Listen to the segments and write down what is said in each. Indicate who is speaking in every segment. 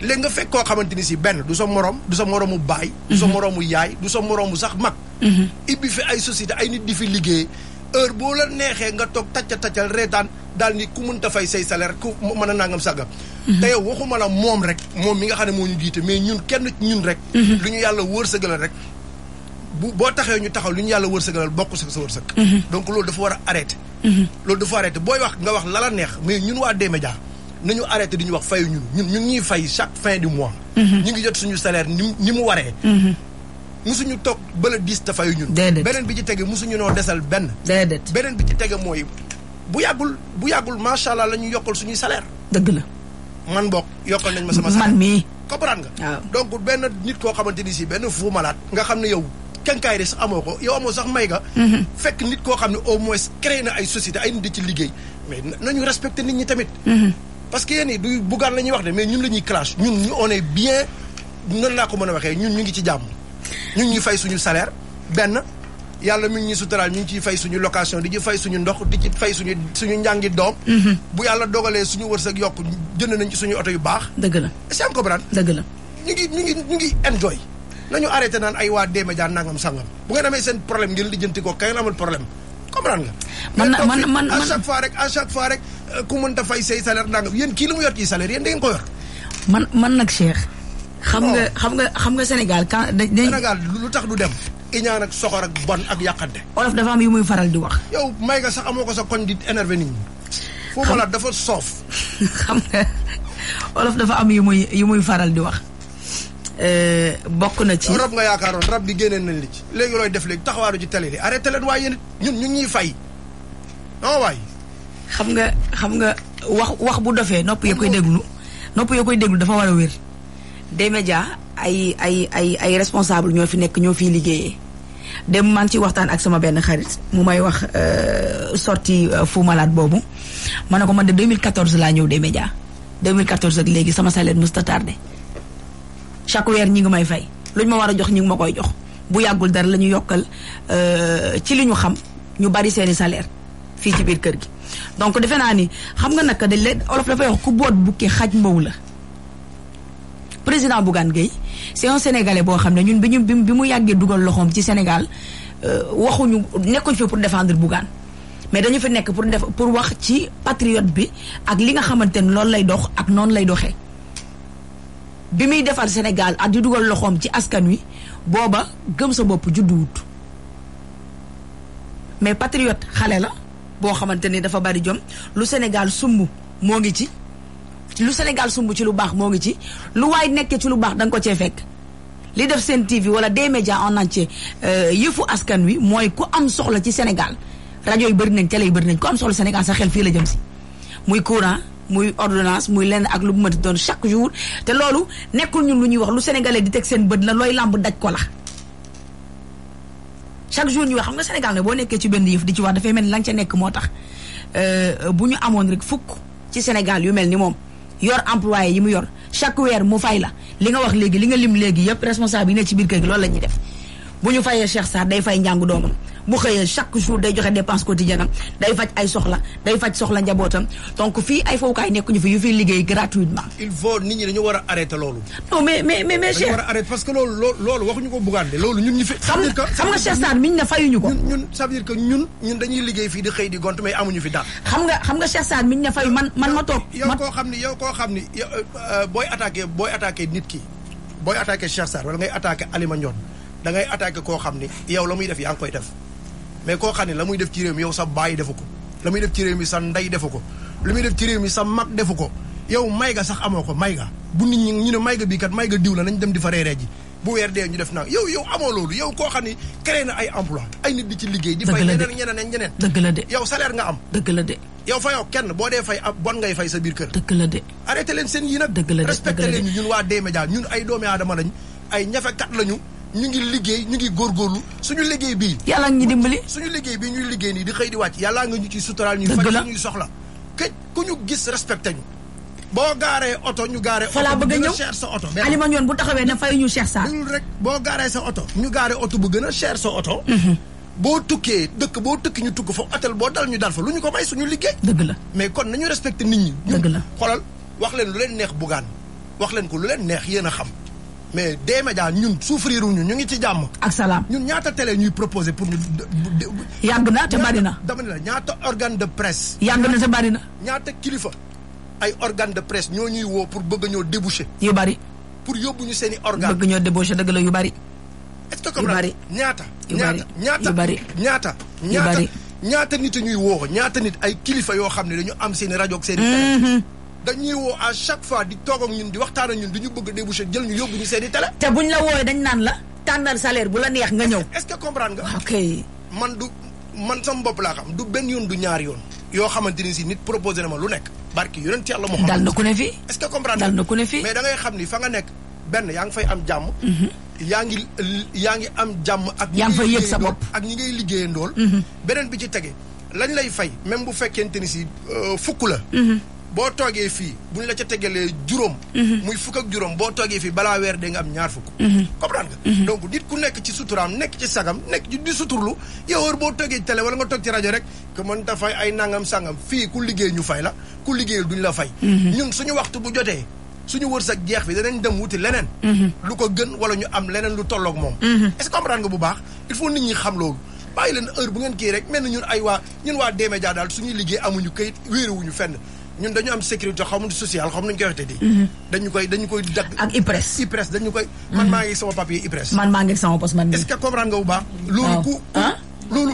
Speaker 1: léegi nga fekk koo xamante ni si benn du sa morom du sa moromu baay. du sa mhm. moromu yaay du sa moromu sax mag. Mhm. ibbi fi ay société ay nit di fi liggéey heure boo la neexee nga toog tacca taccal reetaan daal ni ku mënta fay say salaire ku mën a nangam sàggam. Mhm. te yow waxuma la moom rek moom mi nga xam ne moo ñu jiite mais ñun kenn ñun rek. lu ñu yàlla wërsëgalal rek. bu boo taxee ñu taxaw lu ñu yàlla wërsëgalal bokk sa sa wërsëg. donc loolu dafa war a arrêté. loolu dafa arrêté booy wax nga wax lala neex mais ñun waa D-Média nañu arrêté di ñu wax fayu ñun ñun ñu ngi ñuy fay chaque fin du mois. Mhm. ñu ngi jot suñu salaire ni ni mu waree. Mhm. musuñu toog bala diis te fayu ñun. beneen bi ci tege musuñu noo desal benn. déedéet beneen bi ci tege mooy bu yàggul bu yàggul allah la ñu yokkal suñuy salaire. dëgg na man bokk yokkal nañ ma sama salaire man mii. comprendre nga. donc benn nit koo xamante ni si benn fou malade. nga xam ne yow. kenkaay de sax ko yow amoo sax may mhm. fekk nit koo xam ne au moins créé na ay société di ci liggéey mais nañu respecté nit ñi tamit. parce que yéen i du buggaan la wax ne mais ñun la ñuy clash ñun ñu on est bien noonu laa ko mën a waxee ñun ñu ngi ci jàmm ñu ñu fay suñu salaire benn yàlla mi ñu ñuy suturaal ñu ngi ciy fay suñu location di ci fay suñu ndox di fay suñu suñu njàngi doom mm-hmm. bu yàlla dogalee suñu wërsëg yokk jënd nañ suñu oto yu baax dëgg la est-ce que comprendre dëgg la ñu ngi ñu ngi ñu ngi enjoy nañu arrêté naan ay waa D-Media nangam sangam bu ngeen amee seen problème ngeen lijjanti ko kañ la amul problème comprendre nga. man man man à chaque rek à chaque fois rek euh, ku mën ta fay say salaire ndànk yéen kii li mu yor ci salaire yéen da ngeen man man nag Cheikh. xam nga xam nga xam nga Sénégal quand dañ. Sénégal lu tax du dem. iñaan ak soxor ak bon ak yàqante. olof dafa am yu muy faral di wax. yow may nga sax amoo ko sax koñ di énervé nit ñi. foofu la dafa soof. xam nga olof dafa am yu muy muy faral di wax. Euh, bokk na ci. rab nga yaakaaroon rab bi génneen nañ li ci léegi looy def léegi taxawaaru ci télé li arrêté leen waaye ñu ñuy fay nga xam nga wax wax bu dofee nopp ya koy déglu nopp
Speaker 2: ya koy déglu dafa war a wér. des médias ay ay ay ay responsable ñoo fi nekk ñoo fiy liggéeyee. dem maa ngi ciy waxtaan ak sama benn xarit mu may wax euh, sorti euh, Fou Malade boobu ma ne ko man de 2014 laa ñëw des médias 2014 ak léegi sama salaire mësta chaque weer ñi ngi may fay luñ ma war a jox ñi ngi ma koy jox bu yàggul dara la ñu yokkal euh, ci li ñu xam ñu bari seeni salaire fii ci biir kër gi. donc defe naa ni xam nga naka dañ leen olof dafay wax ku boot bukki xaj mbaw la président Bougane Gueye c'est un sénégalais boo xam ne ñun bi ñu bi mu yàggee dugal loxoom ci Sénégal euh, waxuñu nekkuñ fi pour défendre Bougane mais dañu fi nekk pour def pour wax ci patriote bi ak li nga xamante ni loolu lay dox ak noonu lay doxee. bi muy defar Sénégal ak di dugal loxoom ci askan wi booba gëm sa bopp judduwut mais patriote xale la boo xamante ni dafa bari jom lu Sénégal sumb moo ngi ci lu Sénégal sumb ci lu baax moo ngi ci lu waay nekkee ci lu baax danga ko cee fekk li def seen TV wala des médias en entier euh, yëfu askan wi mooy ku am soxla ci Sénégal rajo yi bari nañ télé yu bari nañ ku am soxla Sénégal sa xel fii la jëm si muy courant muy ordonnance muy lenn ak lu mu mënti doon chaque jour te loolu nekkul ñun lu ñuy wax lu sénégalais di teg seen bët la looy làmb daj ko la. chaque jour ñu wax xam nga Sénégal ne boo nekkee ci benn yëf di ci wax dafay mel ni la nga nekk moo tax euh, bu ñu amoon rek fukk ci Sénégal yu mel ni moom yor employé yi mu yor chaque weer mu fay la li nga wax léegi li nga lim léegi yëpp responsable yi ne ci biir kër gi loolu la ñuy def bu ñu fayee Cheikh Sarr day fay njàngu doomam. bu xëyee chaque jour day joxe dépense quotidienne am day faj ay soxla day faj soxla njabootam donc fii ay fowukaay nekkuñu fi yu fiy liggéey gratuitement.
Speaker 1: il faut nit ñi dañu war a arrêter loolu. non mais mais mais mais Cheikh dañu war loolu loo loolu ko Bougane loolu ñun ñu fi. xam nga ko. ñun ñun ça ñun ñun dañuy liggéey fii di xëy di gont amuñu fi dara. xam nga xam nga Cheikh Sarr miñ na fayu man man ma toog. yow koo xam ne yow ko xam ne euh, euh, booy attaqué booy attaqué nit ki booy attaqué Cheikh Sarr wala ngay attaqué Alima Ndione da ngay attaqué koo xam ni yow la muy def yaa ngi koy def mais koo xam ne la muy def ci réew mi yow sa baay defu ko la muy def ci réew mi sa ndey defu ko lu muy def ci réew mi sa mag defu ko yow may ga sax amoo ko may ga bu nit ñi ñu ne may ga bii kat may ga diw la nañ dem di fa reeree ji bu weer dee ñu def naa yow yow amoo loolu yow koo xam ni créé na ay emploi ay nit di ci liggéey. di fay ñeneen ñeneen ñeneen. dëgg la de yow salaire nga am. dëgg la de. yow fayoo kenn boo dee fay bon ngay fay sa biir kër. dëgg la de. arrêté leen seen yii nag. dëgg de respecté leen ñun waa D-Media ñun ay doomi aadama lañu. ñu ngi liggéey ñu ngi góor góorgóorlu suñu liggéey bii. yàlla ngi dimbali. suñu liggéey bii ñuy liggéey nii di xëy di wàcc yàlla nga ñu ci suturaal ñuy faj ñuy soxla këj ku ñu gis respecté ñu boo gaaree oto ñu gaaree oto bu gën a cher sa oto alima ñoon bu taxawee na fay ñu cher sa rek boo gaaree sa oto ñu gaaree oto bu gën a cher sa oto mhm. boo tukkee dëkk boo tukki ñu tukk fa hôtel boo dal ñu dal fa lu ñu ko may suñu liggéey dëgg la mais kon nañu respecté nit ñi dëgg la xoolal wax leen lu leen neex bugaan wax leen ko lu leen neex yéen a xam mais des médias ñun souffrir ñu ñu ngi ci jàmm. ak salaam ñun ñaata télé ñuy proposé pour ñu. yàgg na te bari na dama ne la ñaata organe de presse. yàgg na te bari na. ñaata kilifa ay organe de presse ñoo ñuy woo pour bëgg ñoo débouché. yu bari. pour yóbbu ñu seen i organe bëgg ñoo débouché dëgg la yu bari. est-ce que comme ñaata. bari ñaata ñaata ñaata nit ñuy woo ñaata nit ay kilifa yoo xam ne dañu am seeni i rajo ak seen i dañuy woo à chaque fois di toog ak ñun di waxtaan ak ñun di ñu bëgg a débouché jël ñu yóbbu ñu seeni télé. te buñ la wooyee dañ naan la tànnal salaire bu la neex nga ñëw. est sama bopp laa xam du benn yoon du ñaari yoon. yoo xamante ni si nit proposé na ma lu nekk. barki yonent yàlla moo xam. na ku ne fii. est na ku ne fii. mais da ngay xam ni benn yaa ngi fay am jàmm. Mhm. yaa ngi yaa ngi am jàmm. ak yaa ngi sa bopp ak ñi ngay liggéeyee mhm. beneen bi ci tege lañ lay fay même bu fekkente ni si euh, fukk la mhm. boo toogee fii bu ñu la ca tegalee juróom. Mhm. muy fukk ak juróom boo toogee fii balaa weer dee nga am ñaar fukk. Mhm. comprendre nga. Mhm. donc nit ku nekk ci suturaam nekk ci sagam nekk ci di suturlu yow heure boo toogee télé wala nga toog ci rajo rek que mën ta ay nangam sangam fii ku liggéey ñu fay la ku liggéeyul duñ la fay. ñun suñu waxtu bu jotee. suñu wërsëg jeex bi danañ dem wuti leneen. lu ko gën wala ñu am leneen lu tolloog moom. est-ce que comprendre bu baax il faut nit ñi xam loolu. bàyyi leen heure bu ngeen kii rek mel na ñun waa ñun waa D-Media daal suñuy liggéey amuñu kayit wéerewuñu fenn ñun dañu am sécurité xaw ma nu sociale xaw ma nu ñu koy waxee di mhm. dañu koy dañu koy dagg. ak IPRES IPRES dañu koy. Mhm. man maa ngi sama papier IPRES. man maa ngi sama poste man est-ce que comprendre nga bu baax. loolu ku loolu.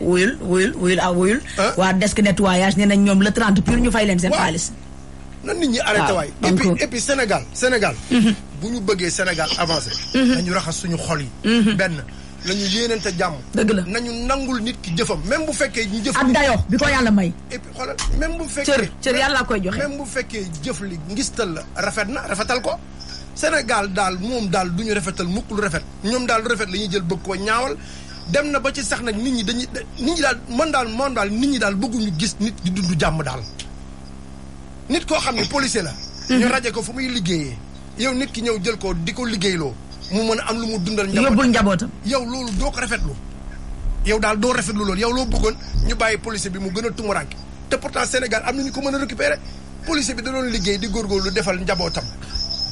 Speaker 1: wuyul wuyul wuyul ah wuyul. waa
Speaker 2: desk nettoyage nee nañ ñoom le 30 pur ñu fay leen seen xaalis.
Speaker 1: nan nit ñi arrêté waay. et puis et puis Sénégal Sénégal. Mhm. bu ñu bëggee Sénégal avancé. dañu raxas suñu xol yi. benn. nañu yéenante jàmm. dëgg la nañu nangul nit ki jëfam même bu fekkee ñu jëf. ak dayoo bi ko yàlla may. et xoolal même bu fekkee cër cër yàlla koy joxe. même bu fekkee jëf li ngistal la rafet na rafetal ko. Sénégal daal moom daal du ñu rafetal mukk lu rafet ñoom daal lu rafet la ñuy jël bëgg ko ñaawal dem na ba ci sax nag nit ñi dañu nit ñi daal mën daal man daal nit ñi daal bëgguñu gis nit di dund jàmm daal. nit koo xam ne policier la. Mhm. ñu raje ko fu muy liggéeyee. yow nit ki ñëw jël ko di ko liggéeyloo mu mën a am lu mu dundal. yóbbul njabootam yow loolu doo ko rafetlu. yow daal doo rafetlu loolu yow loo bëggoon ñu bàyyi policier bi mu gën a tumuranke te pourtant Sénégal am na ñu ko mën a récupérer policier bi daloon liggéey di góorgóorlu defal njabootam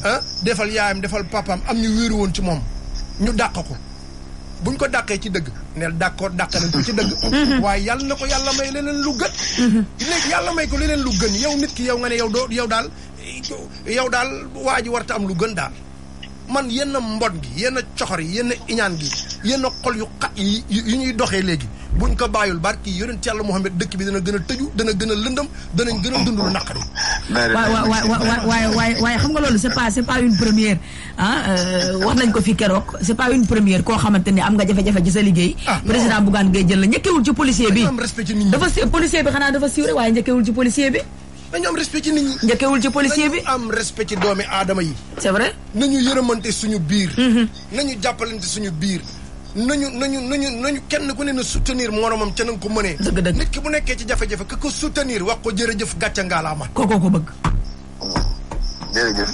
Speaker 1: ah defal yaayam defal papaam am ñu wéeru woon ci moom ñu dàq ko buñ ko dàqee ci dëgg neel d'accord dàq nañ ko ci dëgg mhm. waaye yàlla na ko yàlla may leneen lu gën mhm. léegi yàlla may ko leneen lu gën yow nit ki yow nga ne yow doo yow daal yow daal waa ji warta am lu gën daal man yenn mbot gi yenn coxor yi yenn iñaan gi yenn xol yu xat yi yu ñuy doxee léegi buñ ko bàyyul barki yonent yàlla Muhammad dëkk bi dana gën a dana gën a lëndëm danañ gën a dund lu naqari. waaye waaye waaye
Speaker 2: xam nga loolu c'est pas c'est pas une première ah euh, wax nañ ko fi keroog c'est pas une première koo xamante ni am nga jafe-jafe ci sa liggéey. Ah, président Bougane Gueye jël la njëkkewul ci policier bi. dafa si policier bi xanaa
Speaker 1: policier bi. nañu am respect ci nit ñi. njëkkewul ci policier bi am respect ci doomi aadama yi. c'est vrai nañu yërëmante suñu biir. Mm-hmm. nañu jàppalante suñu biir. nañu nañu nañu nañu kenn ku ne na soutenir moromam ca nañ ko mënee. dëgg dëgg nit ki bu nekkee ci jafe-jafe ka ko soutenir wax ko jërëjëf gàcce ngaalaama. kookoo ko bëgg. jërëjëf.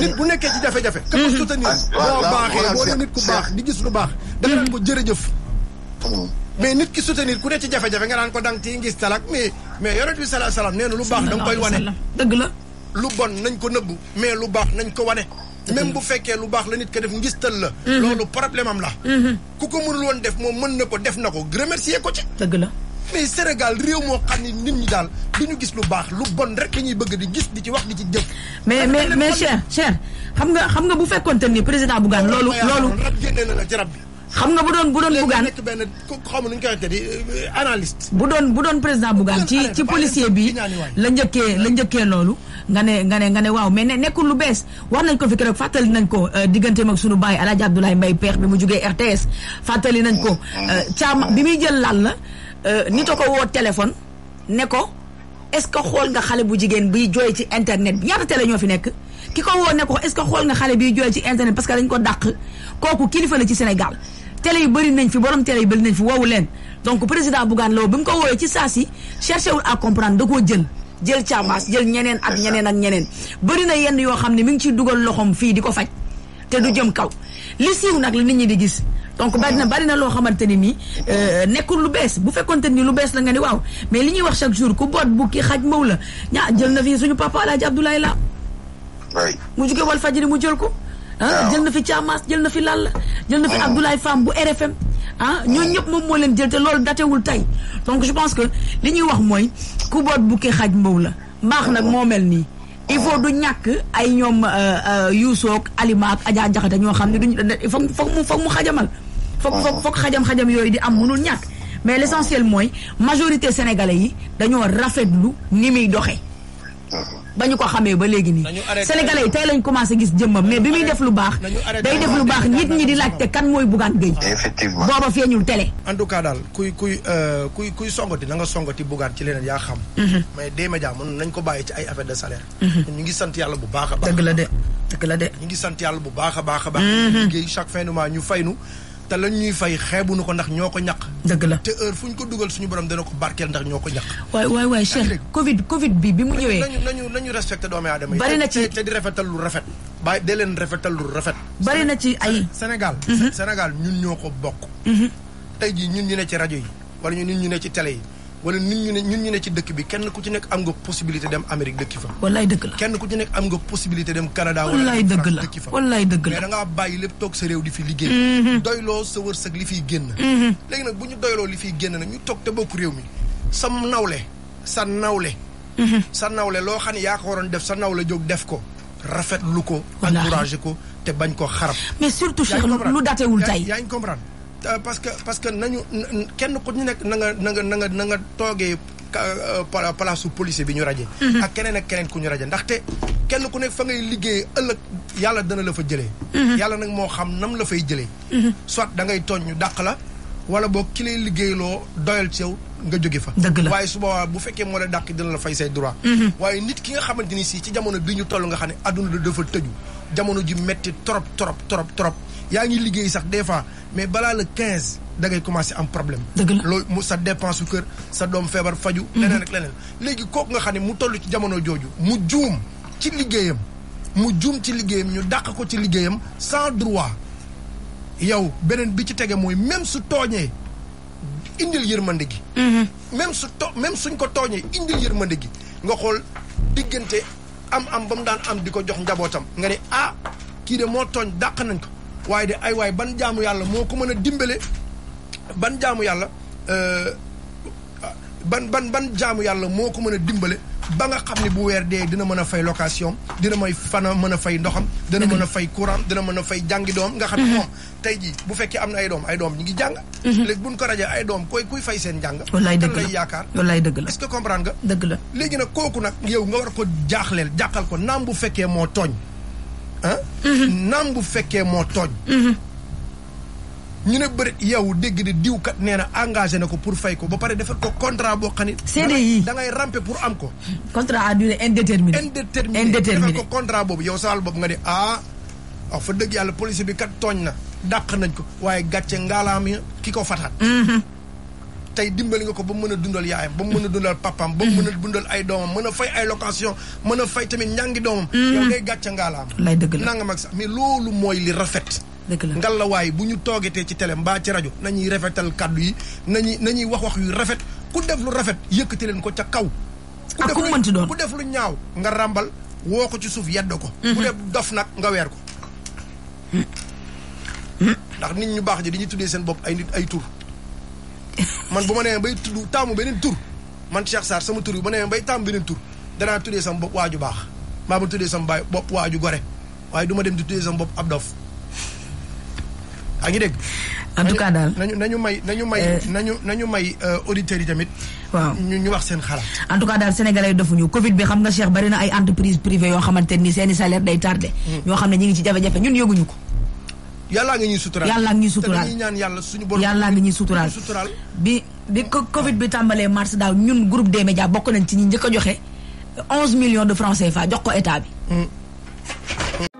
Speaker 1: nit bu nekkee ci jafe-jafe. ka ko mm-hmm. soutenir. Ah, boo baaxee boo dee nit ku baax di gis lu baax. defal ko jërëjëf. Mm-hmm. mais nit ki soutenir ku ne ci jafe-jafe nga naan ko dang ci ngis talak mais mais yonent bi salaa nee na lu baax da nga koy wane dëgg la lu bon nañ ko nëbbu mais lu baax nañ ko wane même bu fekkee lu baax la nit ko def ngistal la mhm. loolu problème am la mhm. ku ko mënul woon def moom mën na ko def na ko remercier ko ci dëgg la mais Sénégal réew moo xam ni nit ñi daal du ñu gis lu baax lu bon rek ñuy bëgg di gis di ci wax di ci jëf mais mais mais
Speaker 2: cher cher xam nga xam bu fekkonte ni président Bougane loolu loolu rab génne na la ci bi xam nga bu doon bu doon bugaan léegi benn xaw ma nu ñu koy waxee di euh, analyste. bu doon bu doon président bugaan ci ci policier bi la njëkkee la njëkkee loolu. nga ne nga ne nga ne waaw mais ne nekkul lu bees wax nañ ko fi keroog fàttali nañ ko euh, digganteem ak sunu baay El Hadj Abdoulaye Mbaye Peex bi mu jugee RTS fàttali nañ ko. Euh, caam bi muy jël laal la nit a ko woo téléphone ne ko est-ce que xool nga xale bu jigéen biy jooy ci internet bi ñaata télé ñoo fi nekk. ki ko woo ne ko est-ce que xool nga xale biy jooy ci internet parce que dañ ko dàq kooku kilifa la ci Sénégal. télé yi bëri nañ fi borom télé yu bëri nañ fi woowu leen donc président Bougane Lo bi mu ko woowee ci saa si cherché wul à comprendre da koo jël jël càmbaas jël ñeneen ak ñeneen ak ñeneen bëri na yenn yoo xam ne mi ngi ciy dugal loxoom fii di ko faj te du jëm kaw li siiw nag la nit ñi di gis donc bari na bari na loo xamante ni nii euh, nekkul lu bees bu fekkonte ni lu bees la nga ni waaw mais li ñuy wax chaque jour ku boot bu bukki xaj maw la ñaa jël na fii suñu papa El Hadj Abdoulaye la mu jóge Walfadjri mu jël ko ah jël na fi Thiamas jël na fi Lalla jël na fi ah. Abdoulaye Fam bu RFM ah ñooñu ah. ñëpp moom moo leen jël te loolu datewul tey donc je pense que li ñuy wax mooy ku boot bukki xaj mbow la mbaax nag moo mel nii il faut du ñàkk ay ñoom euh, euh, Youssou ak Alima ak Adja Jaxate ñoo xam ne duñ foog foog mu foog mu xajamal foog foog foog xajam-xajam yooyu di am munul ñàkk mais l' essentiel mooy majorité sénégalais yi dañoo rafetlu ni muy doxee ba ñu ko xamee ba léegi nii sénégalais yi tey lañ commencé gis jëmmam mais bi muy def lu baax day def lu baax nit ñi di laajte kan mooy Bougane Gueye booba feeñul télé
Speaker 1: en tout daal kuy kuy euh, kuy kuy songati na ci leneen yaa xam mhm. mais des médias nañ ko bàyyi ci ay affaire de salaire mhm. ñu ngi sant yàlla bu baax a baax la de dëgg la de ñu a baax a baax mhm. chaque fin de mois ñu fay nu te lañ ñuy fay xeebuñu ko ndax ñoo ko ñaq. dëgg la te heure fu ñu ko dugal suñu borom dana ko barkeel ndax ñoo ko ñaq. waay waay waay Cheikh Covid Covid bi bi mu ñëwee. nañu nañu nañu respecté doomu aadama yi. bari na ci te di rafetal lu rafet. bàyyi de leen rafetal lu rafet. bari na ci ay Sénégal. Mhm. Sénégal ñun ñoo ko bokk. Mhm. tey jii ñun ñu ne ci rajo yi wala ñun ñu ne ci tele yi wala ñun ñu ne ñun ñu ne ci dëkk bi kenn ku ci nekk am nga possibilité dem Amérique dëkki fa. wallaay dëgg la kenn ku ci nekk am nga possibilité dem Canada. wallaay dëgg la wallaay dëgg la mais da ngaa bàyyi lépp toog sa réew di fi liggéey. Mm-hmm. doyloo sa wërsëg li fiy génn. Mm-hmm. léegi nag bu ñu doyloo li fiy génn nag ñu toog te bokk réew mi sa nawle sa nawle. Mm-hmm. sa nawle loo xam ne yaa ko waroon def sa nawle jóg def ko. lu ko. encouragé ko te bañ ko xarab. mais surtout Cheikh lu datewul tey yaa ngi comprendre. Euh, parce que parce que nañu kenn ku ñu nekk nanga nga na nga na nga na nga toogee euh, palaasu policier bi ñu raje mhm. ak keneen ak keneen ku ñu raje ndaxte kenn ku nekk fa ngay liggéey ëllëg yàlla dana la fa jëlee mhm. yàlla nag moo xam nam la fay jëlee mhm. soit da ngay tooñ ñu dàq la wala boo ki lay liggéeyloo doyal ci yow nga jóge fa waaye su boobaa bu fekkee moo la dàq dina la fay say droit waaye nit ki nga xamante ni si ci jamono bi ñu toll nga xam ne adduna dafa tëju jamono ji metti trop trop trop trop yaa ngi liggéey sax des fois mais balaa le quinze da commencé am problème. dëgg la mu sa dépense su kër sa doom feebar faju mhm. leneen ak leneen léegi kooku nga xam ne mu toll ci jamono jooju mu juum ci liggéeyam mu juum ci liggéeyam ñu dàq ko ci liggéeyam sans droit yow beneen bi ci tege mooy même su tooñee indil yërmande gi. Mhm. même su to même suñ ko tooñee indil yërmande gi nga xool diggante am am ba mu daan am di ko jox njabootam nga ne ah kii de moo tooñ dàq nañ ko. waaye de ay waay ban jaamu yàlla moo ko mën a dimbale ban jaamu yàlla euh, ban ban ban jaamu yàlla moo ko mën a dimbale ba nga xam ne bu weer dee dina mën a fay location dina may fana mën a fay ndoxam dina mën a fay courant dina mën a fay jàngi doom nga xam ne mhm. moom tey jii bu fekkee am na ay doom ay doom ñi ngi jàng mhm. léegi buñ ko rajee ay doom koy kuy fay seen jàng wallaay dëgg la lay yaakaar wallaay dëgg la est-ce nga dëgg la léegi nag kooku nag yow nga war ko jaaxleel jàqal ko naam bu fekkee moo tooñ ah. naam bu fekkee moo tooñ. Mm-hmm. ñu ne bëri yow dégg di diwkat nee na engagé na ko pour fay ko ba pare defal ko contrat boo xam ne. yi da ngay ramper pour am ko. contrat à durée indéterminée. indéterminée indéterminée defal ko contrat boobu yow saal boobu nga ne ah. waaw ah, fa dëgg yàlla police bi kat tooñ na dàq nañ ko waaye gàcce ngaalaam ki ko fataat. Mm-hmm. tey dimbali nga ko ba mu mën a dundal yaayam ba mu mën a dundal papaam ba mu mën a dundal ay doomam mën a fay ay location mën a fay tamit ñangi doomam mm-hmm. yow ngay gàcce ngaalaam lay dëgg la nanga mag sax mais mooy li rafet dëgg la ngallaawaay bu ñu toogatee ci télé mbaa rajo nañuy rafetal kàddu yi nañuy nañuy wax wax yu rafet ku def lu rafet yëkkati leen ko ca kaw ku def lu ku def lu ñaaw nga ràmbal woo ko ci suuf yedd ko mm-hmm. ku def dof nag nga weer ko mm-hmm. ndax nit ñu baax ji dañuy tuddee seen bopp ay nit ay tur man bu ma nee bay tudd taamu beneen tur man Cheikh Sarr sama tur bi bu ma nee bay taamu beneen tur danaa tuddee sama bopp waaju baax maa ma tuddee sama baay bopp waaju gore waaye du ma dem di tuddee sama bopp ab dof a ngi dégg. en tout cas daal nañu nañu may nañu may euh, nañu nañu may euh, auditeurs yi tamit. waaw ñu ñu wax seen
Speaker 2: xalaat. en tout cas daal sénégalais yi defuñu Covid bi xam nga Cheikh bari na ay entreprise privée yoo xamante ni seen i salaire day tardé. Hmm. ñoo xam ne ñu ngi jafe-jafe ñun yëguñu ko.
Speaker 1: yàllaa nga ñuy suturaal yàllaa nga ñuy suturaal te ñaan yàlla
Speaker 2: suñu borom yàllaa nga ñuy suturaal bi bi Covid bi tàmbalee mars daaw ñun groupe des médias bokk nañ ci ñi njëkk a joxe onze millions de francs CFA jox ko état bi. Mm.